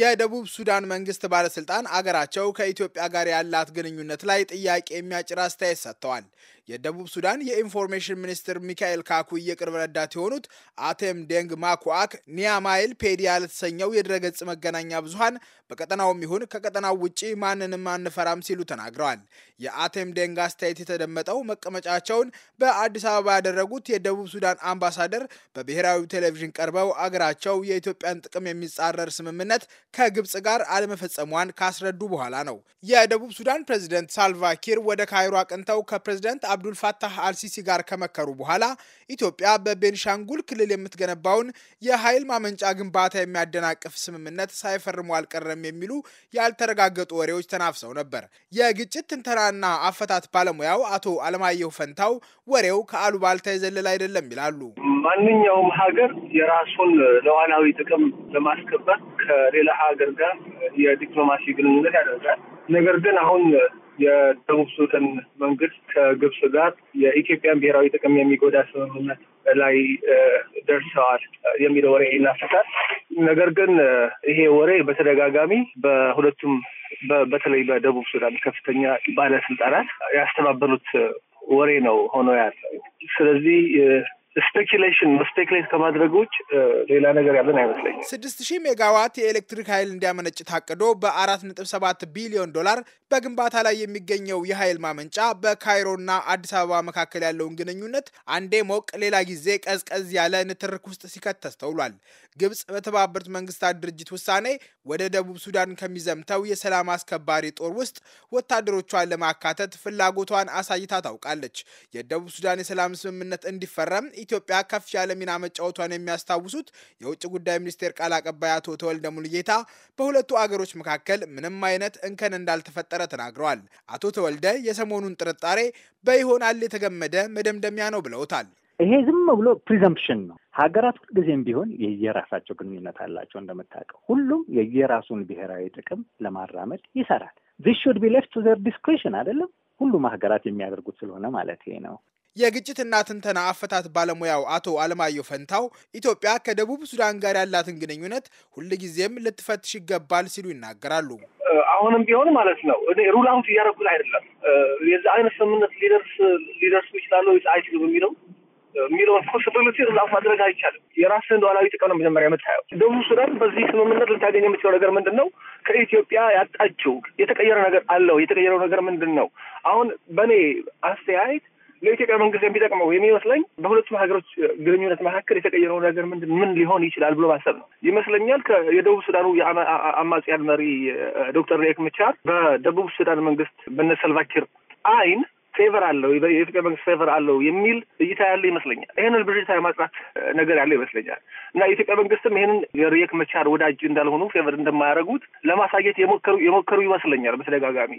የደቡብ ሱዳን መንግስት ባለስልጣን አገራቸው ከኢትዮጵያ ጋር ያላት ግንኙነት ላይ ጥያቄ የሚያጭር አስተያየት ሰጥተዋል። የደቡብ ሱዳን የኢንፎርሜሽን ሚኒስትር ሚካኤል ካኩ የቅርብ ረዳት የሆኑት አቴም ዴንግ ማኩአክ ኒያማይል ፔዲያ ለተሰኘው የድረገጽ መገናኛ ብዙሀን በቀጠናውም ይሁን ከቀጠናው ውጪ ማንንም አንፈራም ሲሉ ተናግረዋል። የአቴም ዴንግ አስተያየት የተደመጠው መቀመጫቸውን በአዲስ አበባ ያደረጉት የደቡብ ሱዳን አምባሳደር በብሔራዊ ቴሌቪዥን ቀርበው አገራቸው የኢትዮጵያን ጥቅም የሚጻረር ስምምነት ከግብፅ ጋር አለመፈጸሟን ካስረዱ በኋላ ነው። የደቡብ ሱዳን ፕሬዚደንት ሳልቫ ኪር ወደ ካይሮ አቅንተው ከፕሬዚደንት አብዱል ፋታህ አልሲሲ ጋር ከመከሩ በኋላ ኢትዮጵያ በቤንሻንጉል ክልል የምትገነባውን የኃይል ማመንጫ ግንባታ የሚያደናቅፍ ስምምነት ሳይፈርሙ አልቀረም የሚሉ ያልተረጋገጡ ወሬዎች ተናፍሰው ነበር። የግጭት ትንተናና አፈታት ባለሙያው አቶ አለማየሁ ፈንታው ወሬው ከአሉባልታ የዘለል አይደለም ይላሉ። ማንኛውም ሀገር የራሱን ለዋናዊ ጥቅም ለማስከበር ከሌላ ሀገር ጋር የዲፕሎማሲ ግንኙነት ያደርጋል። ነገር ግን አሁን የደቡብ ሱዳን መንግስት ከግብጽ ጋር የኢትዮጵያን ብሔራዊ ጥቅም የሚጎዳ ስምምነት ላይ ደርሰዋል የሚለው ወሬ ይናፈሳል። ነገር ግን ይሄ ወሬ በተደጋጋሚ በሁለቱም በተለይ በደቡብ ሱዳን ከፍተኛ ባለስልጣናት ያስተባበሉት ወሬ ነው ሆኖ ያለው። ስለዚህ ስፔኪሌሽን ነው። ስፔኪሌት ከማድረግ ውጭ ሌላ ነገር ያለን አይመስለኝም። ስድስት ሺህ ሜጋዋት የኤሌክትሪክ ኃይል እንዲያመነጭ ታቅዶ በአራት ነጥብ ሰባት ቢሊዮን ዶላር በግንባታ ላይ የሚገኘው የኃይል ማመንጫ በካይሮና አዲስ አበባ መካከል ያለውን ግንኙነት አንዴ ሞቅ ሌላ ጊዜ ቀዝቀዝ ያለ ንትርክ ውስጥ ሲከት ተስተውሏል። ግብፅ በተባበሩት መንግስታት ድርጅት ውሳኔ ወደ ደቡብ ሱዳን ከሚዘምተው የሰላም አስከባሪ ጦር ውስጥ ወታደሮቿን ለማካተት ፍላጎቷን አሳይታ ታውቃለች። የደቡብ ሱዳን የሰላም ስምምነት እንዲፈረም ኢትዮጵያ ከፍ ያለ ሚና መጫወቷን የሚያስታውሱት የውጭ ጉዳይ ሚኒስቴር ቃል አቀባይ አቶ ተወልደ ሙሉጌታ በሁለቱ አገሮች መካከል ምንም አይነት እንከን እንዳልተፈጠረ ተናግረዋል። አቶ ተወልደ የሰሞኑን ጥርጣሬ በይሆናል የተገመደ መደምደሚያ ነው ብለውታል። ይሄ ዝም ብሎ ፕሪዘምፕሽን ነው። ሀገራት ሁልጊዜም ቢሆን የየራሳቸው ግንኙነት አላቸው። እንደምታውቀው ሁሉም የየራሱን ብሔራዊ ጥቅም ለማራመድ ይሰራል። ዚስ ሹድ ቢ ሌፍት ቱ ዘር ዲስክሬሽን አይደለም ሁሉም ሀገራት የሚያደርጉት ስለሆነ ማለት ይሄ ነው። የግጭትና ትንተና አፈታት ባለሙያው አቶ አለማየሁ ፈንታው ኢትዮጵያ ከደቡብ ሱዳን ጋር ያላትን ግንኙነት ሁልጊዜም ልትፈትሽ ይገባል ሲሉ ይናገራሉ። አሁንም ቢሆን ማለት ነው እኔ ሩል አውት እያደረጉት አይደለም። የዚህ አይነት ስምምነት ሊደርስ ሊደርሱ ይችላሉ ወይስ አይችሉም የሚለው የሚለውን ፖስብሊቲ ሩላፍ ማድረግ አይቻልም። የራስህን ሉዓላዊ ጥቅም ነው መጀመሪያ የምታየው። ደቡብ ሱዳን በዚህ ስምምነት ልታገኝ የምችለው ነገር ምንድን ነው? ከኢትዮጵያ ያጣችው የተቀየረ ነገር አለው? የተቀየረው ነገር ምንድን ነው? አሁን በእኔ አስተያየት ለኢትዮጵያ መንግስት የሚጠቅመው የሚመስለኝ በሁለቱም ሀገሮች ግንኙነት መካከል የተቀየረው ነገር ምንድን ምን ሊሆን ይችላል ብሎ ማሰብ ነው ይመስለኛል። የደቡብ ሱዳኑ የአማጽያን መሪ ዶክተር ሬክ ምቻር በደቡብ ሱዳን መንግስት በነሰልቫኪር አይን ፌቨር አለው የኢትዮጵያ መንግስት ፌቨር አለው የሚል እይታ ያለ ይመስለኛል። ይህንን ብዥታ የማጥራት ነገር ያለው ይመስለኛል እና የኢትዮጵያ መንግስትም ይህንን የሪየክ መቻር ወዳጅ እንዳልሆኑ ፌቨር እንደማያደርጉት ለማሳየት የሞከሩ የሞከሩ ይመስለኛል በተደጋጋሚ